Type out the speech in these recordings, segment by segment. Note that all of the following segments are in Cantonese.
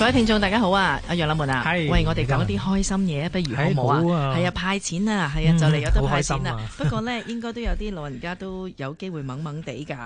各位聽眾，大家好啊！阿楊老們啊，喂，我哋講啲開心嘢不如好冇啊？係啊，派錢啊，係啊，就嚟有得派錢啊。不過呢，應該都有啲老人家都有機會懵懵地㗎。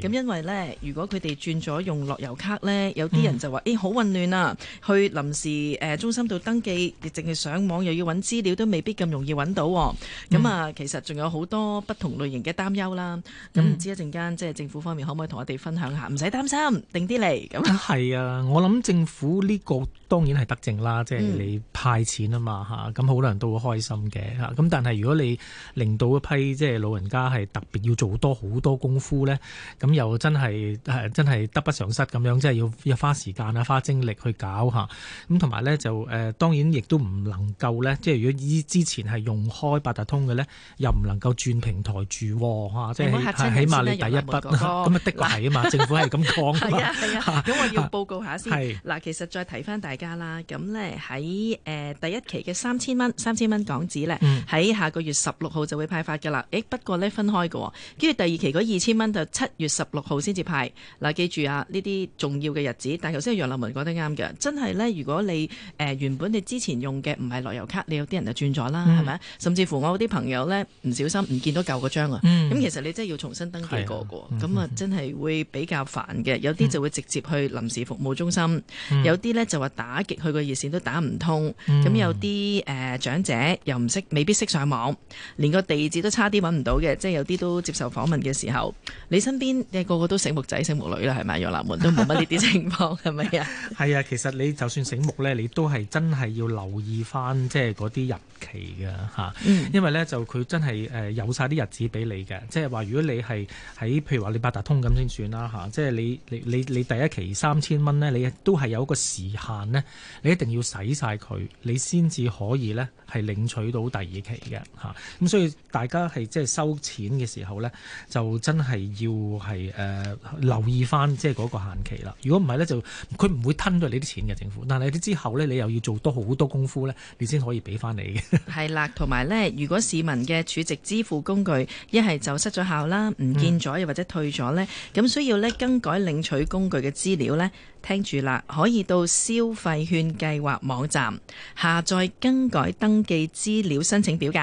咁因為呢，如果佢哋轉咗用樂悠卡呢，有啲人就話，誒，好混亂啊！去臨時誒中心度登記，亦淨係上網又要揾資料，都未必咁容易揾到。咁啊，其實仲有好多不同類型嘅擔憂啦。咁唔知一陣間即係政府方面可唔可以同我哋分享下？唔使擔心，定啲嚟咁。係啊，我諗政府。呢個當然係德政啦，即、就、係、你、派錢啊嘛嚇，咁好、嗯、多人都會開心嘅嚇。咁但係如果你令到一批即係老人家係特別要做多好多功夫咧，咁又真係真係得不償失咁樣，即係要要花時間啊，花精力去搞嚇。咁同埋咧就誒、呃，當然亦都唔能夠咧，即係如果之前係用開八達通嘅咧，又唔能夠轉平台住喎，即係起碼你，你第一筆咁啊的確係啊嘛， 政府係咁講啊嘛。咁、 啊啊、我要報告一下先。嗱是其實。再提翻大家啦，咁咧喺第一期嘅三千蚊，三千蚊港紙咧，喺、嗯、下個月十六號就會派發㗎啦。不過咧分開喎、哦。跟住第二期嗰二千蚊就七月十六號先至派。嗱、啊，記住啊，呢啲重要嘅日子。但係頭先楊立文講得啱嘅，真係咧，如果你、呃、原本你之前用嘅唔係來遊卡，你有啲人就轉咗啦，係咪、嗯？甚至乎我啲朋友咧唔小心唔見到舊嗰張啊。咁、嗯嗯、其實你真係要重新登記過嘅，咁啊、嗯、真係會比較煩嘅。嗯、有啲就會直接去臨時服務中心、嗯、有。啲咧就話打極佢個熱線都打唔通，咁、嗯、有啲誒、呃、長者又唔識，未必識上網，連個地址都差啲揾唔到嘅，即係有啲都接受訪問嘅時候，你身邊嘅個個都醒目仔醒目女啦，係咪？羊腩門都冇乜呢啲情況係咪啊？係 吧啊，其實你就算醒目呢，你都係真係要留意翻即係嗰啲日期嘅嚇，嗯、因為呢，就佢真係誒有晒啲日子俾你嘅，即係話如果你係喺譬如話你八達通咁先算啦嚇，即係你你你你第一期三千蚊呢，你都係有一個。時限呢，你一定要使晒佢，你先至可以呢係領取到第二期嘅吓。咁、啊、所以大家係即係收錢嘅時候呢，就真係要係誒、呃、留意翻即係嗰個限期啦。如果唔係呢，就佢唔會吞到你啲錢嘅政府。但係你之後呢，你又要做多好多功夫呢，你先可以俾翻你嘅。係啦，同埋呢，如果市民嘅儲值支付工具一係就失咗效啦，唔見咗又或者退咗呢，咁、嗯、需要呢，更改領取工具嘅資料呢。聽住啦，可以到消費券計劃網站下載更改登記資料申請表格，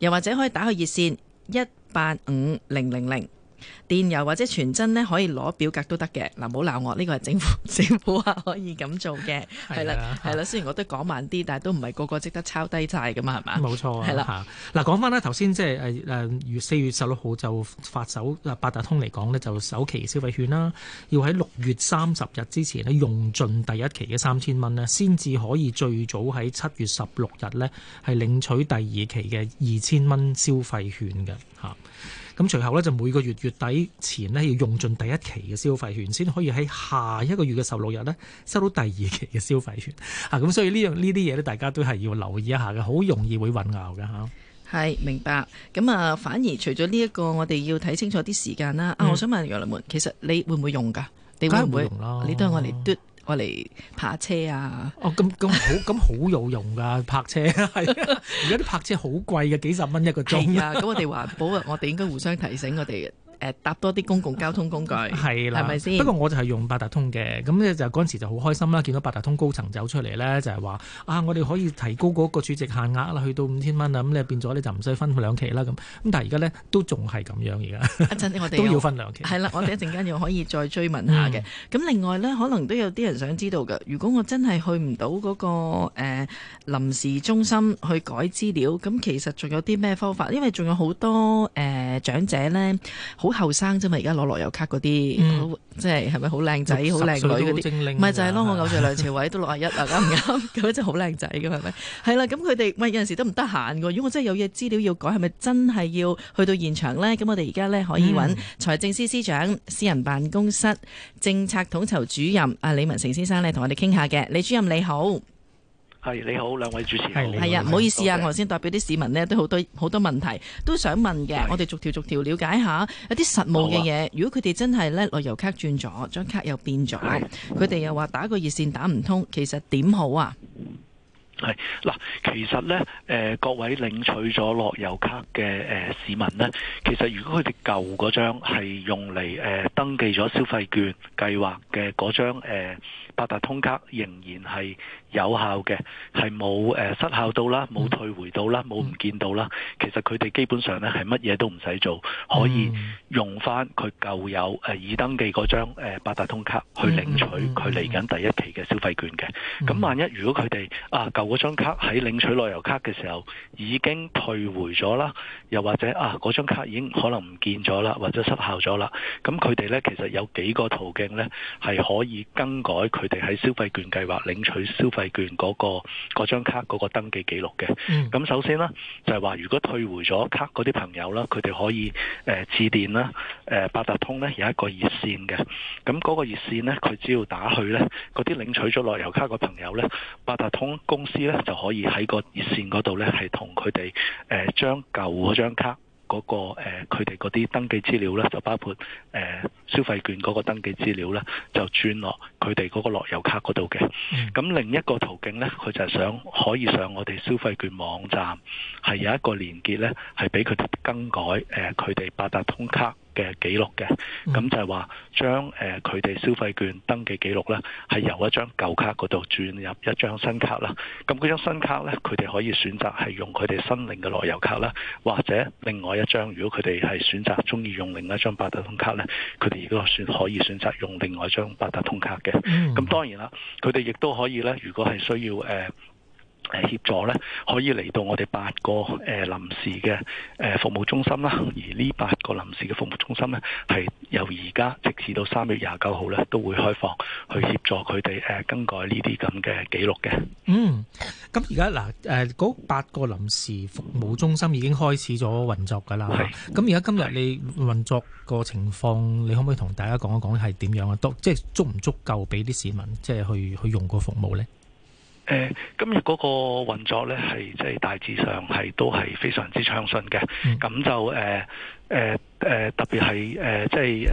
又或者可以打去熱線一八五零零零。電郵或者傳真呢，可以攞表格都得嘅。嗱，唔好鬧我，呢個係政府，政府話可以咁做嘅，係啦的，係啦的。雖然我都講慢啲，但係都唔係個個值得抄低曬㗎嘛，係嘛？冇錯錯，係啦的。嗱的，講翻呢，頭先，即係誒誒，四月十六號就發首嗱八達通嚟講呢，就首期消費券啦，要喺六月三十日之前呢用盡第一期嘅三千蚊呢，先至可以最早喺七月十六日呢係領取第二期嘅二千蚊消費券嘅。嚇，咁隨後呢，就每個月月底。錢呢要用盡第一期嘅消費券，先可以喺下一個月嘅十六日呢收到第二期嘅消費券。咁、啊、所以呢樣呢啲嘢呢，大家都係要留意一下嘅，好容易會混淆嘅吓。係明白，咁啊，反而除咗呢一個，我哋要睇清楚啲時間啦。嗯、啊，我想問楊麗梅，其實你會唔會用噶？梗係唔用啦，你都係我嚟嘟，我嚟泊車啊！哦、啊，咁咁好，咁好有用噶 泊車，而家啲泊車好貴嘅，幾十蚊一個鐘。咁我哋環保啊， 我哋應該互相提醒我哋。誒，搭多啲公共交通工具係啦，係咪先？不過我就係用八達通嘅，咁呢就嗰陣時就好開心啦，見到八達通高層走出嚟呢，就係話啊，我哋可以提高嗰個儲值限額啦，去到五千蚊啦，咁你變咗你就唔使分兩期啦，咁咁但係而家呢，都仲係咁樣而家，我哋都要分兩期。係啦，我哋一陣間又可以再追問下嘅。咁另外呢，可能都有啲人想知道嘅，如果我真係去唔到嗰個誒臨時中心去改資料，咁其實仲有啲咩方法？因為仲有好多誒長者呢。好後生啫嘛，而家攞樂悠卡嗰啲，即係係咪好靚仔、好靚 60 歲 女嗰啲？咪就係咯，的我偶像梁朝偉都六十一啦，啱唔啱？咁樣就好靚仔嘅，係咪？係啦，咁佢哋咪有陣時都唔得閒喎。如果我真係有嘢資料要改，係咪真係要去到現場咧？咁我哋而家咧可以揾財政司司長、嗯、私人辦公室政策統籌主任阿李文成先生咧，同我哋傾下嘅。李主任你好。你好，兩位主持人。係啊，唔好意思啊，謝謝我先代表啲市民呢，都好多好多問題都想問嘅，是我哋逐條逐條了解下，一啲實務嘅嘢。啊、如果佢哋真係呢，樂悠卡轉咗，張卡又變咗，佢哋、啊、又話打個熱線打唔通，其實點好啊？係嗱，其實呢，誒、呃、各位領取咗樂悠卡嘅誒、呃、市民呢，其實如果佢哋舊嗰張係用嚟誒、呃、登記咗消費券計劃嘅嗰張、呃八達通卡仍然係有效嘅，係冇誒失效到啦，冇退回到啦，冇唔見到啦。其實佢哋基本上咧係乜嘢都唔使做，可以用翻佢舊有誒已登記嗰張八達通卡去領取佢嚟緊第一期嘅消費券嘅。咁萬一如果佢哋啊舊嗰張卡喺領取旅遊卡嘅時候已經退回咗啦，又或者啊嗰張卡已經可能唔見咗啦，或者失效咗啦，咁佢哋咧其實有幾個途徑咧係可以更改佢。哋喺消費券計劃領取消費券嗰、那個嗰張卡嗰個登記記錄嘅，咁、嗯、首先咧就係話，如果退回咗卡嗰啲朋友啦，佢哋可以誒致、呃、電啦，誒、呃、八達通呢有一個熱線嘅，咁嗰個熱線咧，佢只要打去呢嗰啲領取咗樂悠卡嘅朋友呢，八達通公司呢就可以喺個熱線嗰度呢係同佢哋誒將舊嗰張卡。嗰、那個佢哋嗰啲登記資料咧，就包括誒、呃、消費券嗰個登記資料咧，就轉落佢哋嗰個樂悠卡嗰度嘅。咁、嗯、另一個途徑咧，佢就係想可以上我哋消費券網站，係有一個連結咧，係俾佢哋更改誒佢哋八達通卡。嘅記錄嘅，咁就係話將佢哋、呃、消費券登記記錄呢，係由一張舊卡嗰度轉入一張新卡啦。咁嗰張新卡呢，佢哋可以選擇係用佢哋新領嘅內油卡啦，或者另外一張。如果佢哋係選擇中意用另一張八達通卡呢，佢哋亦都選可以選擇用另外一張八達通卡嘅。咁當然啦，佢哋亦都可以呢，如果係需要、呃誒，協助咧，可以嚟到我哋八個誒臨時嘅誒服務中心啦。而呢八個臨時嘅服務中心咧，係由而家直至到三月廿九號咧，都會開放去協助佢哋誒更改呢啲咁嘅記錄嘅。嗯，咁而家嗱，誒八個臨時服務中心已經開始咗運作噶啦。係是。咁而家今日你運作個情況，是你可唔可以同大家講一講係點樣啊？都即係足唔足夠俾啲市民即係去去用個服務咧？呃、今日嗰個運作咧，係即係大致上係都係非常之暢順嘅。咁、嗯、就、呃呃呃、特別係即係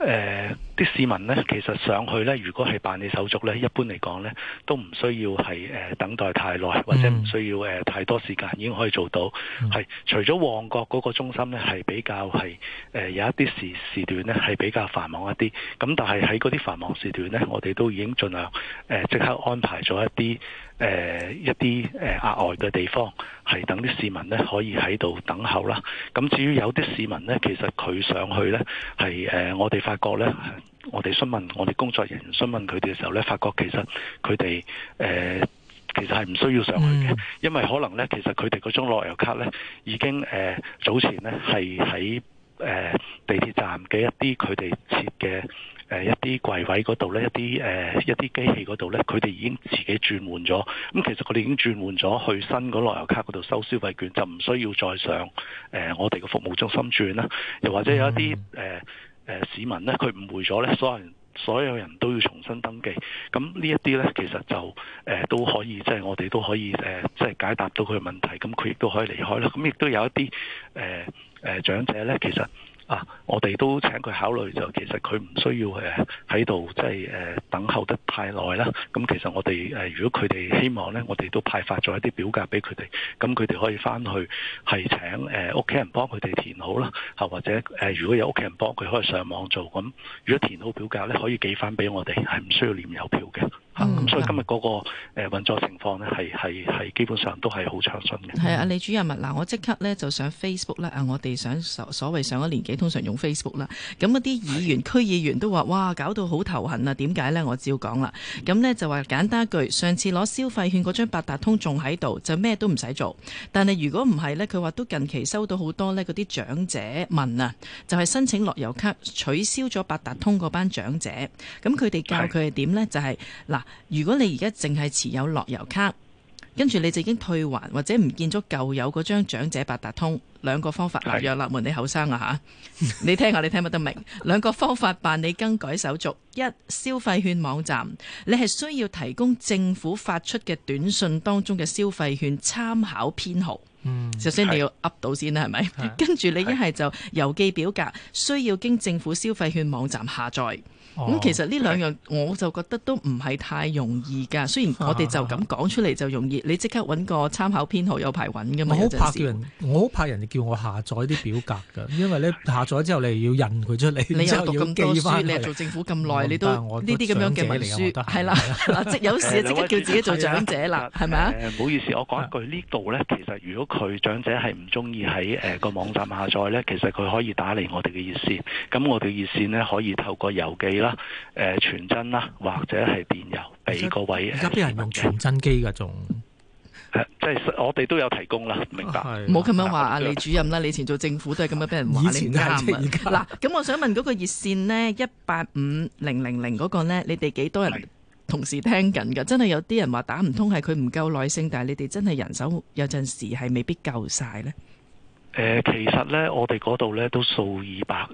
誒啲、呃、市民呢，其實上去呢，如果係辦理手續呢，一般嚟講呢，都唔需要係、呃、等待太耐，或者唔需要、呃、太多時間，已經可以做到。係、嗯、除咗旺角嗰個中心呢，係比較係、呃、有一啲時、時段呢，係比較繁忙一啲，咁但係喺嗰啲繁忙時段呢，我哋都已經盡量即、呃、刻安排咗一啲。誒、呃、一啲誒、呃、額外嘅地方係等啲市民呢，可以喺度等候啦。咁至於有啲市民呢，其實佢上去呢，係誒、呃、我哋發覺呢，我哋詢問我哋工作人員詢問佢哋嘅時候呢，發覺其實佢哋誒其實係唔需要上去嘅，因為可能呢，其實佢哋嗰張樂悠卡呢，已經誒、呃、早前呢，係喺誒地鐵站嘅一啲佢哋設嘅。誒一啲櫃位嗰度呢，一啲誒、呃、一啲機器嗰度呢，佢哋已經自己轉換咗。咁其實佢哋已經轉換咗去新嗰個樂悠卡嗰度收消費券，就唔需要再上誒、呃、我哋嘅服務中心轉啦。又或者有一啲誒、呃、市民呢，佢誤會咗呢，所有人所有人都要重新登記。咁呢一啲呢，其實就誒、呃呃、都可以，即係我哋都可以誒、呃，即係解答到佢嘅問題。咁佢亦都可以離開啦。咁亦都有一啲誒誒長者呢，其實。啊！我哋都請佢考慮，就其實佢唔需要誒喺度，即係誒等候得太耐啦。咁其實我哋誒、呃，如果佢哋希望咧，我哋都派發咗一啲表格俾佢哋，咁佢哋可以翻去係請誒屋企人幫佢哋填好啦、啊，或者誒、呃，如果有屋企人幫佢可以上網做。咁如果填好表格咧，可以寄翻俾我哋，係唔需要粘郵票嘅。咁、嗯啊、所以今日嗰個運作情況呢，係係係基本上都係好暢順嘅。係啊，李主任啊，嗱，我即刻呢就上 Facebook 啦。啊，我哋想所謂上咗年紀，通常用 Facebook 啦。咁嗰啲議員區的議員都話：「哇，搞到好頭痕啊！點解呢？我照講啦。咁呢就話簡單一句，上次攞消費券嗰張八達通仲喺度，就咩都唔使做。但係如果唔係呢，佢話都近期收到好多呢嗰啲長者問啊，就係、是、申請樂悠卡取消咗八達通嗰班長者。咁佢哋教佢係點呢？的就係、是、嗱。如果你而家淨係持有樂悠卡，跟住你就已經退還或者唔見咗舊有嗰張長者八達通，兩個方法立約立門你後生啊吓的，你聽下你聽乜得明？兩 個方法辦理更改手續，一消費券網站，你係需要提供政府發出嘅短信當中嘅消費券參考編號。嗯，首先你要噏到先啦，係咪？跟住你一係就郵寄表格，需要經政府消費券網站下載。咁其實呢兩樣，我就覺得都唔係太容易噶。雖然我哋就咁講出嚟就容易，你即刻揾個參考編號，有排揾噶嘛。我好怕人，我好怕人哋叫我下載啲表格噶，因為你下載之後你要印佢出嚟，你又讀咁多書，你做政府咁耐，你都呢啲咁樣嘅文書，係啦，即有事即刻叫自己做長者啦，係咪啊？唔好意思，我講一句呢度呢，其實如果佢長者係唔中意喺誒個網站下載咧，其實佢可以打嚟我哋嘅熱線，咁我哋熱線咧可以透過郵寄啦、誒、呃、傳真啦，或者係電郵俾個位。而家啲人用傳真機㗎、啊，仲、呃、即係我哋都有提供啦。明白。唔好咁樣話啊，李主任啦，你以前做政府都係咁樣俾人話你啱啊。嗱，咁現在 我想問嗰個熱線咧，一八五零零零嗰個咧，你哋幾多人？同事聽緊㗎，真係有啲人話打唔通係佢唔夠耐性，但係你哋真係人手有陣時係未必夠晒呢？其實呢，我哋嗰度呢都數以百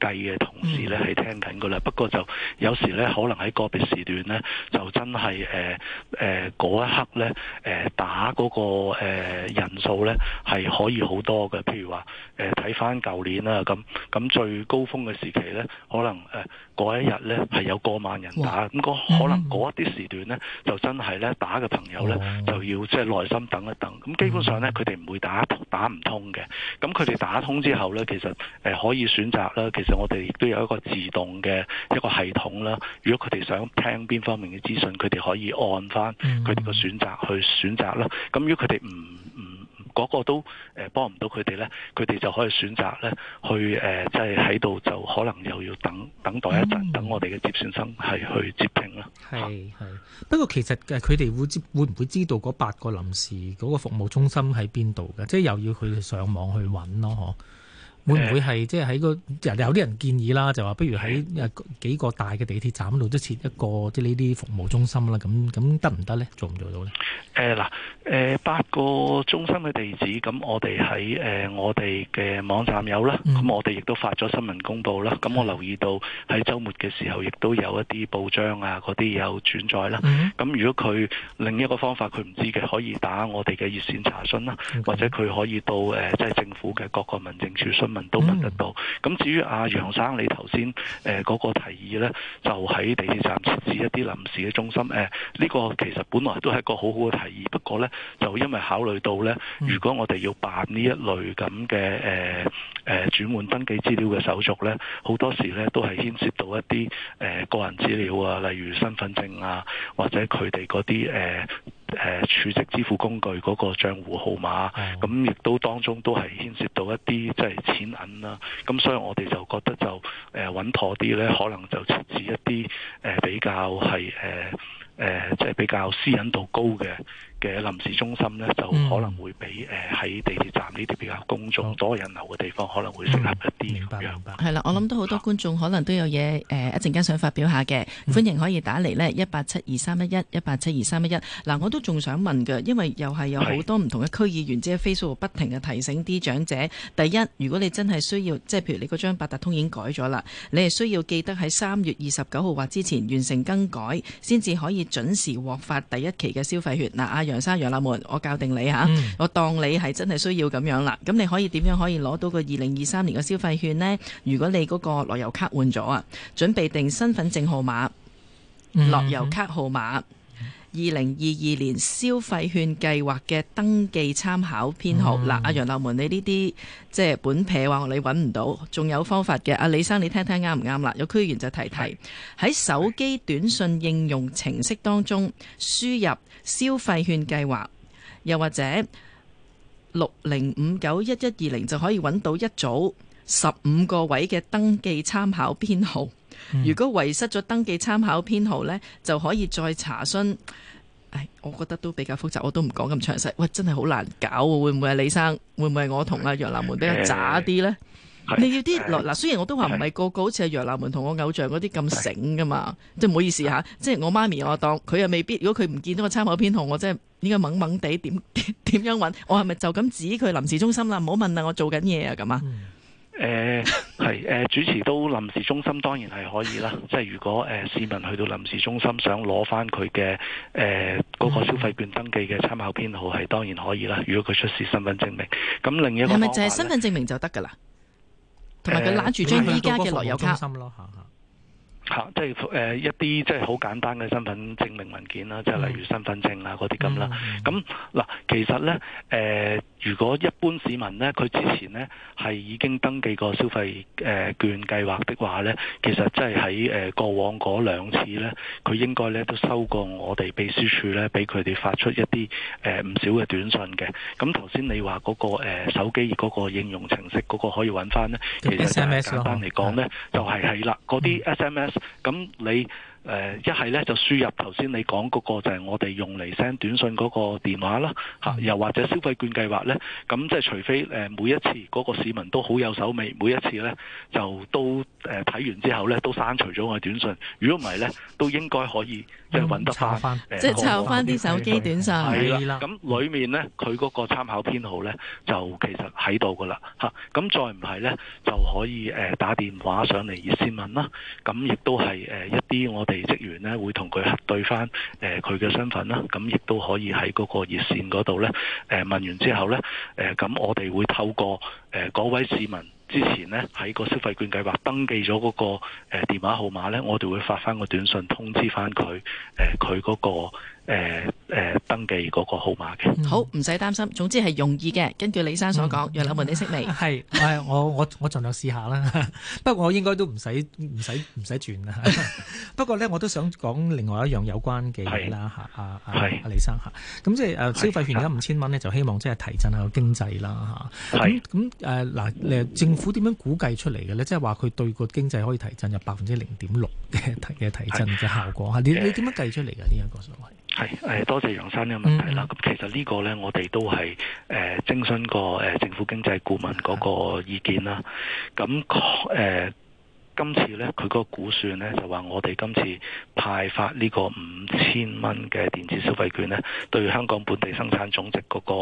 計嘅同事呢係聽緊㗎啦。不過就有時呢，可能喺個別時段呢，就真係誒誒嗰一刻呢，誒、呃、打嗰、個、呃、人數呢係可以好多嘅。譬如話誒睇翻舊年啦，咁咁最高峰嘅時期呢，可能誒。呃嗰一日咧係有過萬人打，咁、那個、可能嗰一啲時段咧就真係咧打嘅朋友咧就要即係、就是、耐心等一等，咁基本上咧佢哋唔會打打唔通嘅。咁佢哋打通之後咧，其實誒、呃、可以選擇啦。其實我哋亦都有一個自動嘅一個系統啦。如果佢哋想聽邊方面嘅資訊，佢哋可以按翻佢哋嘅選擇去選擇啦。咁如果佢哋唔唔。嗰個都誒幫唔到佢哋咧，佢哋就可以選擇咧去誒，即係喺度就可能又要等等待一陣，嗯、等我哋嘅接線生係去接聽啦。係係、啊，不過其實嘅佢哋會知會唔會,會知道嗰八個臨時嗰個服務中心喺邊度嘅？即係又要佢哋上網去揾咯，嚇。會唔會係即係喺個有啲人建議啦？就話不如喺誒幾個大嘅地鐵站度都設一個即係呢啲服務中心啦。咁咁得唔得咧？做唔做到咧？誒嗱誒八個中心嘅地址，咁我哋喺誒我哋嘅網站有啦。咁我哋亦都發咗新聞公佈啦。咁我留意到喺週末嘅時候，亦都有一啲報章啊嗰啲有轉載啦。咁如果佢另一個方法佢唔知嘅，可以打我哋嘅熱線查詢啦，Okay. 或者佢可以到誒即係政府嘅各個民政處詢，都問，問得到，咁至於阿、啊、楊生你頭先嗰個提議呢，就喺地鐵站設置一啲臨時嘅中心，呢、呃呢個其實本來都係一個好好嘅提議，不過呢，就因為考慮到呢，如果我哋要辦呢一類咁嘅誒轉換登記資料嘅手續呢，好多時呢都係牽涉到一啲誒、呃、個人資料啊，例如身份證啊，或者佢哋嗰啲誒。呃誒，儲值支付工具嗰個帳戶號碼，咁亦都當中都係牽涉到一啲即係錢銀啦。咁所以我哋就覺得就誒穩、呃、妥啲咧，可能就設置一啲誒、呃、比較係誒誒，即、呃、係、呃就是、比較私隱度高嘅。嘅臨時中心呢，就可能會比誒喺、嗯呃、地鐵站呢啲比較公眾、多人流嘅地方，嗯、可能會適合一啲、嗯、明白，明白。係啦、嗯，我諗都好多觀眾可能都有嘢誒，一陣間想發表下嘅，嗯、歡迎可以打嚟呢一八七二三一一一八七二三一一。嗱、啊，我都仲想問嘅，因為又係有好多唔同嘅區議員，即係 Facebook 不停嘅提醒啲長者。第一，如果你真係需要，即係譬如你嗰張八達通已經改咗啦，你係需要記得喺三月二十九號或之前完成更改，先至可以準時獲發第一期嘅消費券。嗱、啊，楊生楊立門，我教定你吓，嗯、我當你係真係需要咁樣啦。咁你可以點樣可以攞到個二零二三年嘅消費券呢？如果你嗰個樂悠卡換咗啊，準備定身份證號碼、樂悠卡號碼、二零二二年消費券計劃嘅登記參考編號。嗱、嗯，阿楊、啊、立門，你呢啲即係本撇話，你揾唔到，仲有方法嘅。阿、啊、李生，你聽聽啱唔啱啦？有區員就提提喺是手機短信應用程式當中輸入。消費券計劃，又或者六零五九一一二零就可以揾到一組十五個位嘅登記參考編號。嗯、如果遺失咗登記參考編號呢，就可以再查詢。唉，我覺得都比較複雜，我都唔講咁詳細。喂，真係好難搞，會唔會係、啊、李生？會唔會係我同阿楊南門比較渣啲呢？你要啲嗱，呃、雖然我都話唔係個個好似阿楊立文同我偶像嗰啲咁醒噶嘛，即係唔好意思吓、啊，即係我媽咪我當佢又未必，如果佢唔見到個參考編號，我即係應該懵懵地點點樣揾？我係咪就咁指佢臨時中心啦？唔好問啦，我做緊嘢啊咁啊？誒、嗯，係誒、 呃呃，主持都臨時中心當然係可以啦。 即係如果誒、呃、市民去到臨時中心想攞翻佢嘅誒嗰個消費券登記嘅參考編號，係當然可以啦。如果佢出示身份證明，咁另一個係咪就係身份證明就得噶啦？同埋佢攬住張依家嘅內有卡。呃嗯嚇、啊，即係誒、呃、一啲即係好簡單嘅身份證明文件啦，即係例如身份證啊嗰啲咁啦。咁嗱、嗯嗯，其實咧誒、呃，如果一般市民咧，佢之前咧係已經登記過消費誒券、呃、計劃的話咧，其實即係喺誒過往嗰兩次咧，佢應該咧都收過我哋秘書處咧，俾佢哋發出一啲誒唔少嘅短信嘅。咁頭先你話嗰、那個、呃、手機嗰個應用程式嗰個可以搵返咧，其實就簡單嚟講咧，嗯、就係係啦，嗰啲 S M S。咁你？誒一係咧就輸入頭先你講嗰個就係我哋用嚟 send 短信嗰個電話啦，嗯、又或者消費券計劃咧，咁即係除非誒每一次嗰個市民都好有手尾，每一次咧就都誒睇完之後咧都刪除咗我嘅短信，如果唔係咧都應該可以即係揾得翻翻，即係摺翻啲手機短信係啦。咁裏面咧佢嗰個參考編號咧就其實喺度噶啦吓咁再唔係咧就可以誒打電話上嚟熱線問啦，咁亦都係誒一啲我哋。地職員咧會同佢核對翻，誒佢嘅身份啦，咁亦都可以喺嗰個熱線嗰度呢，誒問完之後呢，誒咁我哋會透過誒嗰位市民之前呢，喺個消費券計劃登記咗嗰個誒電話號碼咧，我哋會發翻個短信通知翻佢，誒佢嗰個。誒誒、呃呃，登記嗰個號碼嘅，嗯、好唔使擔心。總之係容易嘅，根據李生所講，楊、嗯、柳門你識未？係是，係 我我我盡量試下啦。 不過我應該都唔使唔使唔使轉啦。不，不， 不過咧，我都想講另外一樣有關嘅嘢啦，吓阿阿阿李生吓。咁即係誒消費券而家五千蚊咧，就希望即係提振下個經濟啦，吓是。咁咁誒嗱，誒、啊啊啊、政府點樣估計出嚟嘅咧？即係話佢對個經濟可以提振有百分之零點六嘅嘅提振嘅效果吓是？你你點樣計出嚟噶呢一個所謂？係誒，多謝楊生嘅問題啦。咁其實呢個咧，我哋都係誒，徵詢過誒政府經濟顧問嗰個意見啦。咁誒。呃今次呢，佢嗰個估算呢，就話，我哋今次派發呢個五千蚊嘅電子消費券呢，對於香港本地生產總值嗰、那個、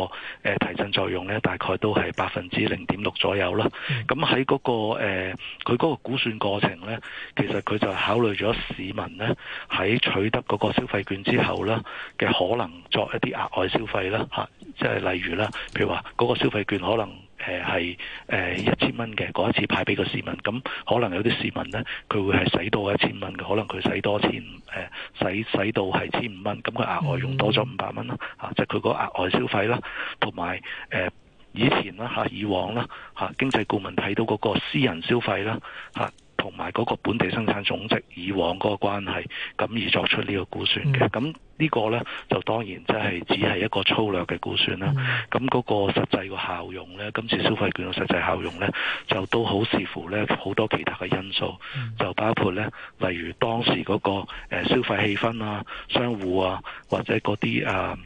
呃、提振作用呢，大概都係百分之零點六左右啦。咁喺嗰個誒，佢、呃、嗰個估算過程呢，其實佢就考慮咗市民呢，喺取得嗰個消費券之後呢嘅可能作一啲額外消費啦，吓、啊，即係例如啦，譬如話嗰個消費券可能。誒係誒一千蚊嘅嗰一次派俾個市民，咁可能有啲市民呢，佢會係使多一千蚊嘅，可能佢使多千，誒、呃，使使到係千五蚊，咁佢額外用多咗五百蚊咯，嚇、啊，即係佢個額外消費啦，同埋誒以前啦、啊、以往啦嚇、啊，經濟顧問睇到嗰個私人消費啦嚇。啊同埋嗰個本地生產總值以往嗰個關係，咁而作出呢個估算嘅。咁呢個呢，就當然即係只係一個粗略嘅估算啦。咁嗰個實際個效用呢，今次消費券嘅實際效用呢，就都好視乎呢好多其他嘅因素，就包括呢，例如當時嗰個、呃、消費氣氛啊、商戶啊或者嗰啲、呃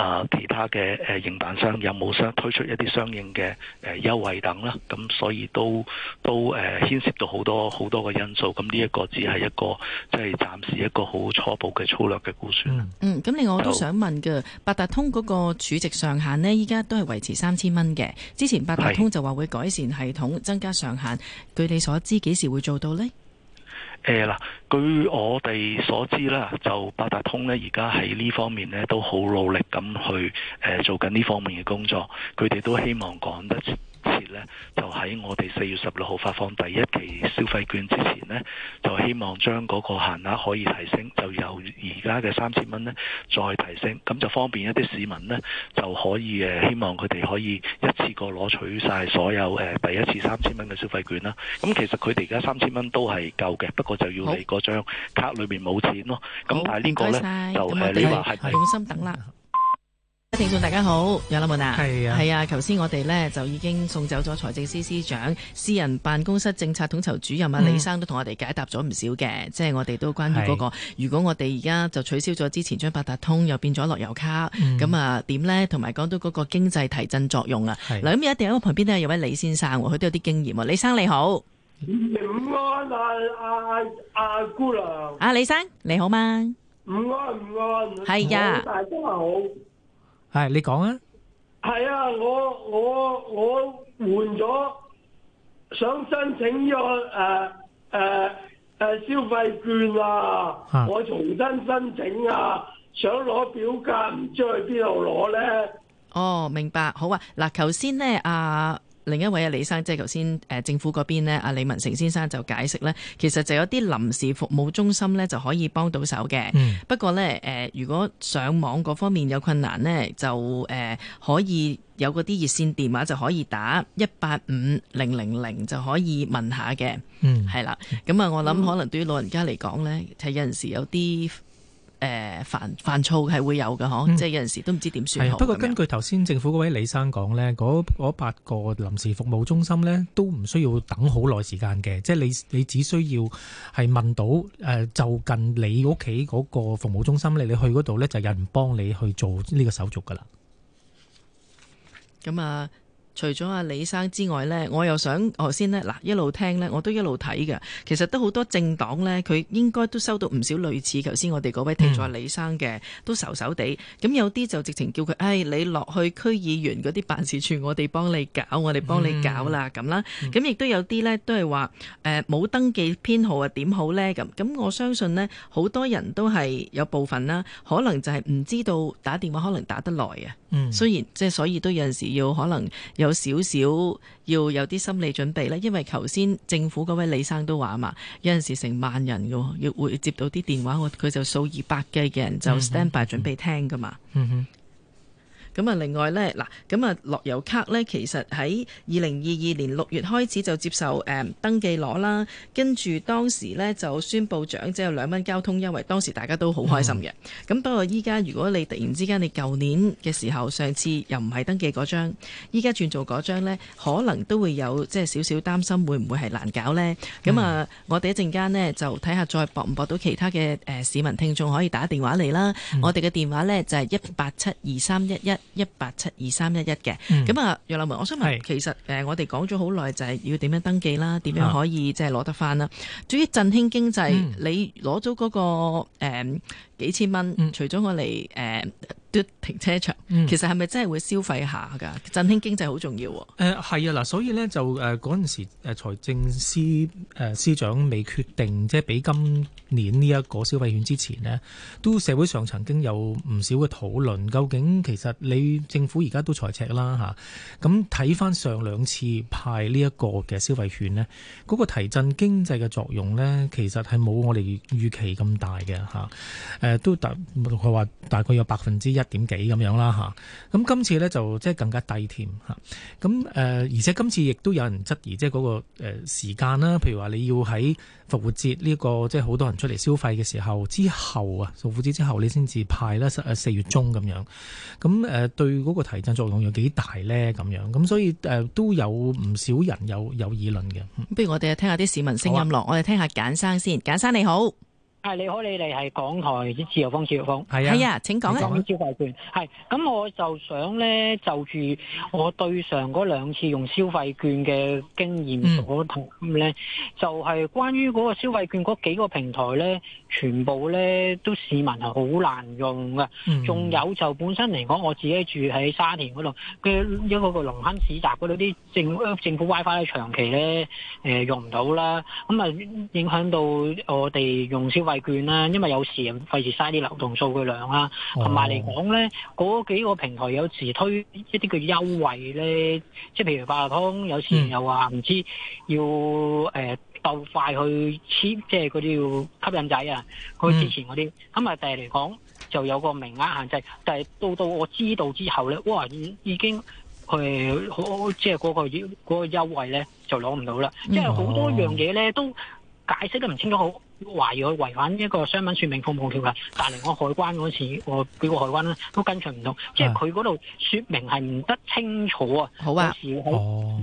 啊！其他嘅誒營辦商有冇相推出一啲相應嘅誒優惠等啦，咁所以都都誒牽涉到好多好多個因素。咁呢一個只係一個即係暫時一個好初步嘅粗略嘅估算啦。嗯，咁另外我都想問嘅，八達就通嗰個儲值上限呢，依家都係維持三千蚊嘅。之前八達通就話會改善系統，增加上限。據你所知，幾時會做到呢？誒，據我哋所知啦，就八達通而家喺呢方面咧，都好努力咁去做緊呢方面嘅工作，佢哋都希望趕得切。前呢就喺我哋四月十六號發放第一期消費券之前呢，就希望將嗰個限額可以提升，就由而家嘅三千蚊呢再提升，咁就方便一啲市民呢，就可以誒，希望佢哋可以一次過攞取晒所有誒第一次三千蚊嘅消費券啦。咁其實佢哋而家三千蚊都係夠嘅，不過就要你嗰張卡裏面冇錢咯。咁好但係呢個呢，你就我你話係係用心等啦。聽眾大家好，有啦文啊，係啊，係啊，頭先我哋咧，就已經送走咗財政司司長、私人辦公室政策統籌主任啊，嗯、李生都同我哋解答咗唔少嘅，即係我哋都關於嗰、那個，是如果我哋而家就取消咗之前張八達通，又變咗樂悠卡，咁、嗯、啊點咧？同埋講到嗰個經濟提振作用啊。嗱是，咁一定喺我旁邊咧有位李先生，佢都有啲經驗。李生你好，唔安啊阿阿、啊、姑娘，阿、啊、李生你好嗎？唔安唔安，係啊。大哥好。係你講啊！係啊，我我我換咗，想申請咗呢個誒誒誒消費券啊，我重新申請啊，想攞表格，唔知去邊度攞咧。哦，明白，好啊。嗱，頭先咧啊。另一位啊李生即係，頭先誒政府嗰邊咧，阿李文成先生就解釋呢，其實就有啲臨時服務中心呢就可以幫到手嘅。嗯、不過呢，誒、呃，如果上網嗰方面有困難呢，就誒、呃、可以有嗰啲熱線電話就可以打一八五零零零就可以問一下嘅。嗯，係啦，咁啊，我諗可能對於老人家嚟講呢，就、嗯、有陣時候有啲。誒，煩煩躁，係會有嘅，嗬、嗯，即係有陣時都唔知點算。係，不過根據頭先政府嗰位李生講呢，嗰八個臨時服務中心呢都唔需要等好耐時間嘅，即係你你只需要係問到誒、呃、就近你屋企嗰個服務中心，你你去嗰度呢，就有人幫你去做呢個手續噶啦。咁啊。除咗阿李生之外咧，我又想頭先咧嗱，一路聽咧，我都一路睇嘅。其實都好多政黨咧，佢應該都收到唔少類似頭、嗯、先我哋嗰位聽眾阿李生嘅，都愁愁地。咁有啲就直情叫佢，誒、哎、你落去區議員嗰啲辦事處我哋幫你搞，我哋幫你搞啦咁、嗯、啦。咁亦都有啲咧，都係話誒冇登記編號啊點好咧咁。咁我相信咧，好多人都係有部分啦，可能就係唔知道打電話可能打得耐啊。嗯，雖然即係所以都有陣時要可能有有少少要有啲心理準備咧，因為頭先政府嗰位李生都話啊嘛，有陣時成萬人嘅，要會接到啲電話，佢就數以百計嘅人就 standby 準備聽噶嘛嗯。嗯哼。咁啊，另外咧，嗱，咁啊，樂悠、啊、卡咧，其實喺二零二二年六月開始就接受誒、嗯、登記攞啦，跟住當時咧就宣布獎即有兩蚊交通優惠，當時大家都好開心嘅。咁不過依家如果你突然之間你舊年嘅時候上次又唔係登記嗰張，依家轉做嗰張咧，可能都會有即係少少擔心會唔會係難搞咧？咁、嗯、啊，我哋一陣間咧就睇下再博唔博到其他嘅誒、呃、市民聽眾可以打電話嚟啦。嗯、我哋嘅電話咧就係一八七二三一一。一八七二三一一嘅，咁啊，楊立文，我想問，是其實誒、呃，我哋講咗好耐，就係要點樣登記啦，點樣可以即係攞得翻啦？啊、至於振興經濟，嗯、你攞到嗰、那個誒。呃幾千蚊，除咗我嚟誒嘟停車場，其實係咪真係會消費一下噶？振興經濟好重要喎。誒係啊，嗱、嗯嗯，所以咧就誒嗰陣時誒財政司誒司長未決定即係俾今年呢一個消費券之前呢，都社會上曾經有唔少嘅討論。究竟其實你政府而家都財赤啦嚇，咁睇翻上兩次派呢一個嘅消費券呢，嗰、那個提振經濟嘅作用呢，其實係冇我哋預期咁大嘅嚇。誒、啊。誒都大，佢話大概有百分之一點幾咁樣啦吓，咁今次咧就即係更加低添嚇。咁誒而且今次亦都有人質疑，即係嗰個誒時間啦。譬如話你要喺復活節呢個即係好多人出嚟消費嘅時候之後啊，復活節之後你先至派啦。四月中咁樣。咁誒對嗰個提振作用有幾大咧咁樣？咁所以誒都有唔少人有有議論嘅。不如我哋聽下啲市民聲音咯。吧我哋聽下簡生先。簡生你好。係，你好，你哋係港台之自由風，自由風係啊，係啊，請講啦。消費券係咁，我就想咧就住我對上嗰兩次用消費券嘅經驗所同咧，嗯、就係關於嗰個消費券嗰幾個平台咧，全部咧都市民係好難用噶。仲、嗯、有就本身嚟講，我自己住喺沙田嗰度嘅一個個隆亨市集嗰度啲政政府 WiFi 咧，Fi、長期咧誒、呃、用唔到啦。咁啊影響到我哋用消費券啦，因為有時費事嘥啲流動數據量啦，同埋嚟講咧，嗰幾個平台有時推一啲嘅優惠咧，即係譬如八達通有時又話唔、嗯、知要誒、呃、鬥快去簽，即係嗰啲要吸引仔啊，佢之前嗰啲，咁啊、嗯、第日嚟講就有個名額限制，但、就、係、是、到到我知道之後咧，哇已已經去好、呃、即係嗰、那個嗰、那個、優惠咧就攞唔到啦，嗯哦、即係好多樣嘢咧都解釋得唔清楚。都懷疑佢違反一個商品説明服務條例，但係我海關嗰次我幾個海關咧、那個、都跟隨唔到，即係佢嗰度説明係唔得清楚啊、哦！好啊，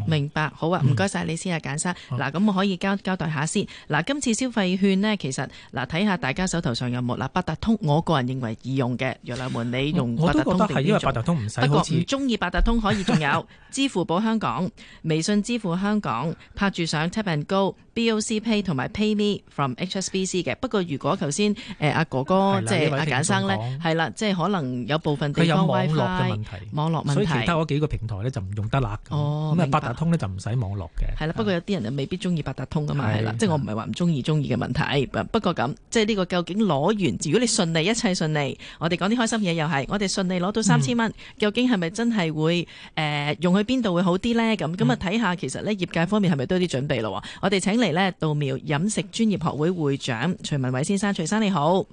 明白好啊，唔該晒。你先啊，簡生嗱，咁我可以交交代下先嗱、啊，今次消費券呢，其實嗱睇下大家手頭上有冇嗱，八達通，我個人認為易用嘅，若麗門你用八達通定係因為八達通唔使不過唔中意八達通可以仲有 支付寶香港、微信支付香港、拍住上 Tap and Go B O C Pay, p 同埋 Pay Me from H S c 嘅，不過如果頭先誒阿哥哥即係阿簡生咧，係啦，即係可能有部分地方佢有網絡嘅問題，網絡問題，所以其他嗰幾個平台咧就唔用得啦。哦，咁啊八達通咧就唔使網絡嘅。係啦，不過有啲人未必中意八達通噶嘛，係啦，即係我唔係話唔中意中意嘅問題，不過咁即係呢個究竟攞完，如果你順利一切順利，我哋講啲開心嘢又係，我哋順利攞到三千蚊，究竟係咪真係會誒用去邊度會好啲咧？咁咁啊睇下，其實呢，業界方面係咪都有啲準備咯？我哋請嚟呢，稻苗飲食專業學會會長徐汶緯先生，徐生你好，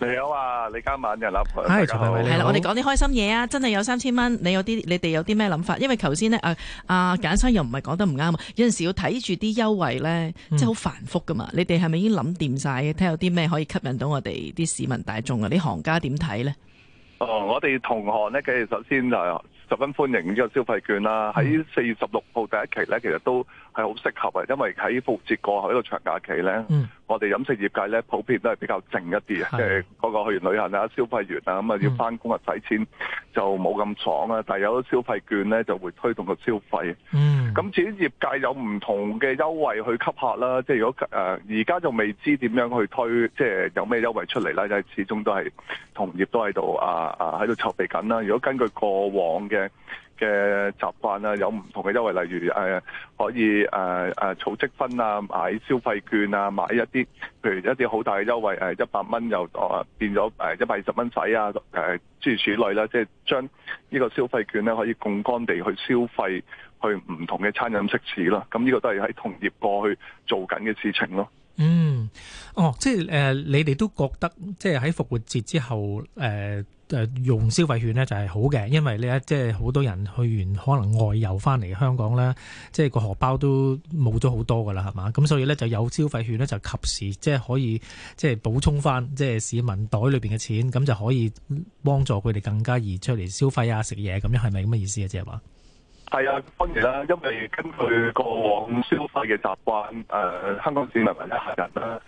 你好啊，李家文又立係徐汶緯，係啦，我哋講啲開心嘢啊，真係有三千蚊，你有啲，你哋有啲咩諗法？因為頭先咧，阿阿簡生又唔係講得唔啱啊，有陣時要睇住啲優惠咧，即係好繁複噶嘛。你哋係咪已經諗掂晒嘅？睇下有啲咩可以吸引到我哋啲市民大眾啊？啲行家點睇咧？哦，我哋同行咧，其實首先就十分歡迎呢個消費券啦。喺四月十六號第一期咧，其實都。係好適合啊，因為喺復節過後呢個長假期咧，嗯、我哋飲食業界咧，普遍都係比較靜一啲啊，即係個個去完旅行啊、消費完啊，咁、嗯、啊、嗯、要翻工啊使錢就冇咁爽啊，但係有消費券咧就會推動個消費。嗯，咁、嗯、至於業界有唔同嘅優惠去吸客啦，即係如果誒而家就未知點樣去推，即係有咩優惠出嚟啦，因為始終都係同業都喺度啊啊喺度籌備緊啦。如果根據過往嘅，嘅習慣啊，有唔同嘅優惠，例如誒、呃、可以誒誒儲積分啊，買消費券啊，買一啲譬如一啲好大嘅優惠，誒一百蚊又誒、呃、變咗誒一百二十蚊使啊，誒、呃呃、諸如此類啦，即係將呢個消費券咧可以槓桿地去消費，去唔同嘅餐飲食肆咯。咁呢個都係喺同業過去做緊嘅事情咯。嗯，哦，即係誒、呃，你哋都覺得即係喺復活節之後誒。呃誒用消費券咧就係好嘅，因為咧即係好多人去完可能外遊翻嚟香港啦，即係個荷包都冇咗好多噶啦，係嘛？咁所以咧就有消費券咧就及時即係可以即係補充翻即係市民袋裏邊嘅錢，咁就可以幫助佢哋更加易出嚟消費啊、食嘢咁樣，係咪咁嘅意思啊？即係話？係啊，當然啦，因為根據過往消費嘅習慣，誒、呃、香港市民咪一家人啦。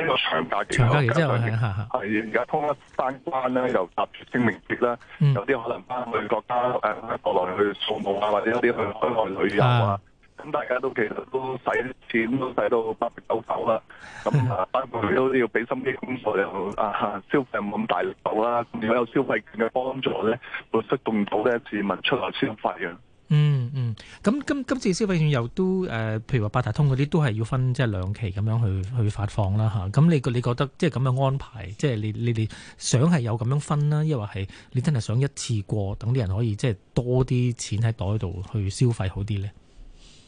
一個長假期，長假期之後係而家樣通一班關啦，是是又搭住清明節啦，嗯、有啲可能翻去國家誒、呃，國內去掃墓啊，或者有啲去海外旅遊啊，咁、啊、大家都其實都使錢都使到八九九啦。咁的啊，翻去都要俾心機工作又啊，消費冇咁大手啦。如果有消費券嘅幫助咧，會推動到咧市民出嚟消費啊。嗯嗯，咁、嗯、今今次消費券又都誒、呃，譬如話八達通嗰啲都係要分即係兩期咁樣去去發放啦嚇。咁、啊、你你覺得即係咁樣安排，即、就、係、是、你你哋想係有咁樣分啦，抑或係你真係想一次過等啲人可以即係多啲錢喺袋度去消費好啲咧？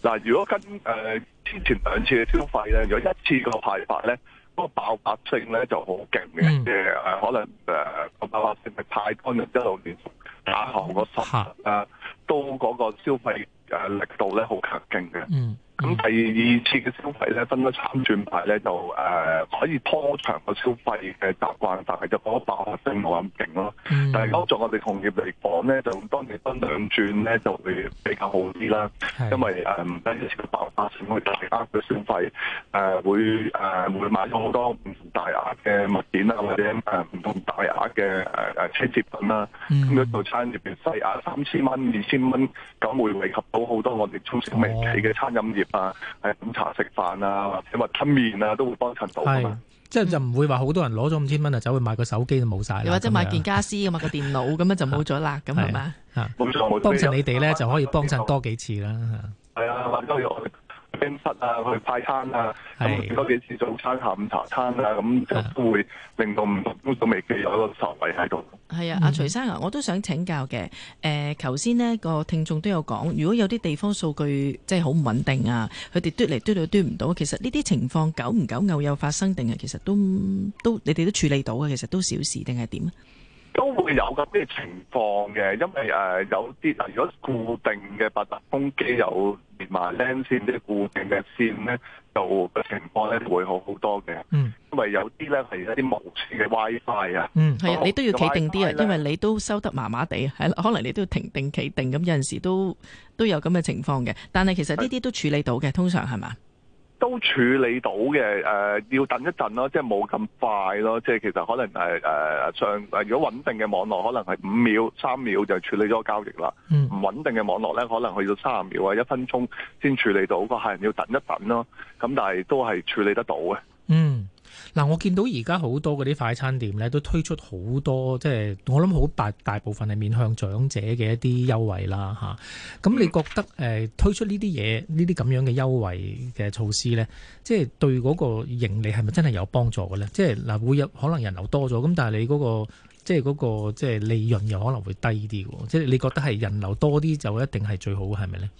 嗱，如果跟誒之前兩次嘅消費咧，有一次個派發咧，嗰、那個爆發性咧就好勁嘅，誒、嗯、可能誒個、呃、爆發性係派多咗一路連打行個十哈啊。都嗰個消費誒力度咧，好強勁嘅。咁、嗯、第二次嘅消費咧，分咗三轉派咧就誒、呃、可以拖長個消費嘅習慣，但係就嗰個爆發性冇咁勁咯。嗯、但係操作我哋行業嚟講咧，就當你分兩轉咧，就會比較好啲啦。是因為誒唔單止一次爆發性去帶啱個消費，誒、呃、會誒、呃、會買咗好多唔同大額嘅物件啦，或者誒唔同大額嘅誒誒奢侈品啦。咁一個餐業嘅細額三千蚊、二千蚊，咁會惠及到好多我哋中小微企嘅餐飲業。哦。啊，係飲茶食飯啊，或者話吞麵啊，都會幫襯到啊嘛。是嗯、即係就唔會話好多人攞咗五千蚊啊，走去買個手機都冇晒啦。又或者買件家私啊嘛，買個 電腦咁樣就冇咗啦，咁係嘛吓。冇錯，幫襯你哋咧就可以幫襯多幾次啦。係啊，買多肉。室啊，去派餐啊，咁食的多幾次早餐、下午茶餐啊，咁都會令到唔同的都未味有一個馳位喺度。係啊，阿徐生啊，我都想請教嘅。誒、呃，頭先呢個聽眾都有講，如果有啲地方數據即係好唔穩定啊，佢哋嘟嚟嘟到嘟唔到。其實呢啲情況久唔久偶有發生，定係其實都都你哋都處理到嘅，其實都小事定係點啊？都會有咁咩情況嘅，因為誒、呃、有啲啊，如果固定嘅八達通機有。埋線線即係固定嘅線咧，就嘅情況咧會好好多嘅，因為有啲咧係一啲無線嘅 WiFi 啊，係啊，你都要企定啲啊，因為你都收得麻麻地，係啦，可能你都要停定企定咁，有陣時都都有咁嘅情況嘅，但係其實呢啲都處理到嘅，通常係嘛？都處理到嘅、呃，要等一陣咯，即係冇咁快咯。即係其實可能係誒、呃、上，如果穩定嘅網絡，可能係五秒、三秒就處理咗交易啦。嗯、唔穩定嘅網絡咧，可能去到三十秒啊一分鐘先處理到。個客人要等一等咯。咁但係都係處理得到嘅。嗯。嗱，我見到而家好多嗰啲快餐店咧，都推出好多即係、就是、我諗好大大部分係面向長者嘅一啲優惠啦嚇。咁、啊、你覺得誒、呃、推出呢啲嘢，呢啲咁樣嘅優惠嘅措施咧，即、就、係、是、對嗰個盈利係咪真係有幫助嘅咧？即係嗱，會有可能人流多咗，咁但係你嗰、嗰個即係嗰個即係、就是、利潤又可能會低啲喎。即、就、係、是、你覺得係人流多啲就一定係最好係咪咧？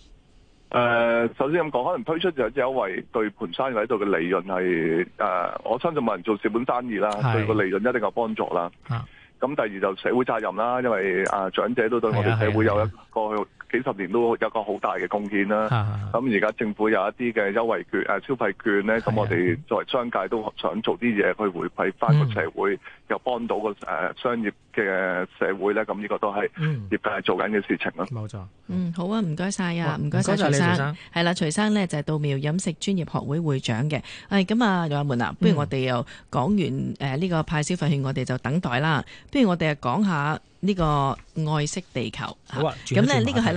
誒、呃，首先咁講，可能推出就有優惠，對盤生意喺度嘅利潤係誒、呃，我相信冇人做蝕本生意啦，的對個利潤一定有幫助啦。咁、啊、第二就社會責任啦，因為啊、呃、長者都對我哋社會有一個。幾十年都有一個好大嘅貢獻啦，咁而家政府有一啲嘅優惠券誒消費券呢，咁、啊、我哋作為商界都想做啲嘢去回饋翻個社會，嗯、又幫到個誒商業嘅社會咧，咁呢個都係業界做緊嘅事情咯。冇錯、嗯，錯嗯好啊，唔該晒啊，唔該晒徐生，係啦，徐生呢、啊、就係稻苗飲食專業學會會長嘅。誒、哎、咁啊，朋友們啊，嗯、不如我哋又講完誒呢個派消費券，我哋就等待啦。不如我哋又講下呢個愛惜地球。好啊，咁、啊、呢，呢個係。